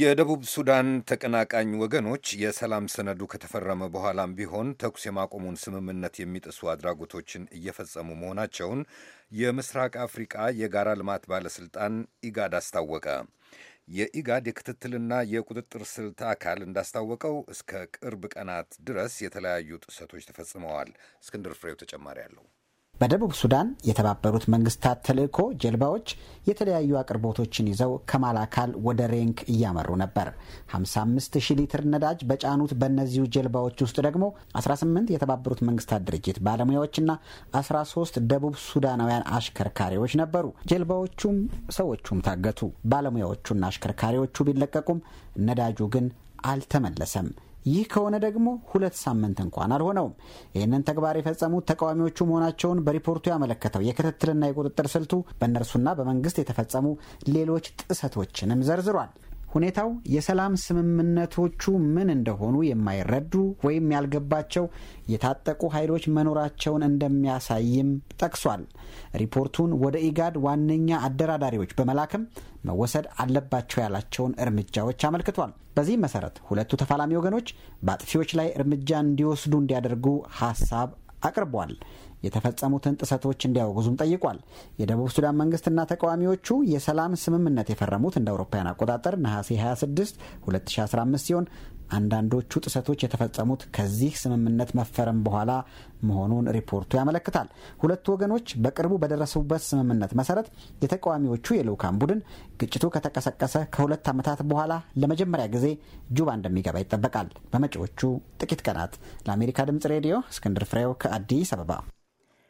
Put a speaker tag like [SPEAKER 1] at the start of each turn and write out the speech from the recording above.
[SPEAKER 1] የደቡብ ሱዳን ተቀናቃኝ ወገኖች የሰላም ሰነዱ ከተፈረመ በኋላም ቢሆን ተኩስ የማቆሙን ስምምነት የሚጥሱ አድራጎቶችን እየፈጸሙ መሆናቸውን የምስራቅ አፍሪቃ የጋራ ልማት ባለሥልጣን ኢጋድ አስታወቀ። የኢጋድ የክትትልና የቁጥጥር ስልት አካል እንዳስታወቀው እስከ ቅርብ ቀናት ድረስ የተለያዩ ጥሰቶች ተፈጽመዋል። እስክንድር ፍሬው ተጨማሪ አለው።
[SPEAKER 2] በደቡብ ሱዳን የተባበሩት መንግስታት ተልዕኮ ጀልባዎች የተለያዩ አቅርቦቶችን ይዘው ከማላካል ወደ ሬንክ እያመሩ ነበር። 55 ሊትር ነዳጅ በጫኑት በእነዚሁ ጀልባዎች ውስጥ ደግሞ 18 የተባበሩት መንግስታት ድርጅት ባለሙያዎችና 13 ደቡብ ሱዳናውያን አሽከርካሪዎች ነበሩ። ጀልባዎቹም ሰዎቹም ታገቱ። ባለሙያዎቹና አሽከርካሪዎቹ ቢለቀቁም ነዳጁ ግን አልተመለሰም። ይህ ከሆነ ደግሞ ሁለት ሳምንት እንኳን አልሆነውም። ይህንን ተግባር የፈጸሙት ተቃዋሚዎቹ መሆናቸውን በሪፖርቱ ያመለከተው የክትትልና የቁጥጥር ስልቱ በእነርሱና በመንግስት የተፈጸሙ ሌሎች ጥሰቶችንም ዘርዝሯል። ሁኔታው የሰላም ስምምነቶቹ ምን እንደሆኑ የማይረዱ ወይም ያልገባቸው የታጠቁ ኃይሎች መኖራቸውን እንደሚያሳይም ጠቅሷል። ሪፖርቱን ወደ ኢጋድ ዋነኛ አደራዳሪዎች በመላክም መወሰድ አለባቸው ያላቸውን እርምጃዎች አመልክቷል። በዚህም መሰረት ሁለቱ ተፋላሚ ወገኖች በአጥፊዎች ላይ እርምጃ እንዲወስዱ እንዲያደርጉ ሀሳብ አቅርቧል። የተፈጸሙትን ጥሰቶች እንዲያወግዙም ጠይቋል። የደቡብ ሱዳን መንግስትና ተቃዋሚዎቹ የሰላም ስምምነት የፈረሙት እንደ አውሮፓውያን አቆጣጠር ነሐሴ 26 2015 ሲሆን አንዳንዶቹ ጥሰቶች የተፈጸሙት ከዚህ ስምምነት መፈረም በኋላ መሆኑን ሪፖርቱ ያመለክታል። ሁለቱ ወገኖች በቅርቡ በደረሱበት ስምምነት መሰረት የተቃዋሚዎቹ የልዑካን ቡድን ግጭቱ ከተቀሰቀሰ ከሁለት ዓመታት በኋላ ለመጀመሪያ ጊዜ ጁባ እንደሚገባ ይጠበቃል። በመጪዎቹ ጥቂት ቀናት። ለአሜሪካ ድምጽ ሬዲዮ እስክንድር ፍሬው ከአዲስ አበባ